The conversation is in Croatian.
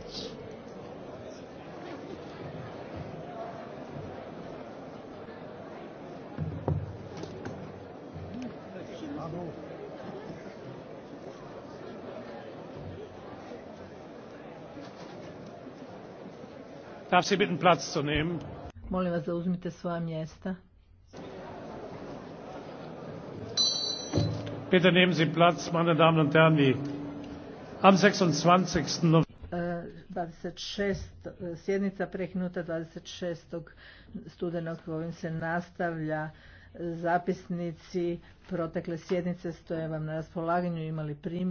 Balc. Darf Sie bitten, Platz zu nehmen? Molim vas da uzmite svoja mjesta. Bitte nehmen Sie Platz, meine Damen und Herren, die am 26. November 26, e, sjednica prekinuta 26. studenog kojim se nastavlja zapisnici protekle sjednice stoje vam na raspolaganju imali primjedbi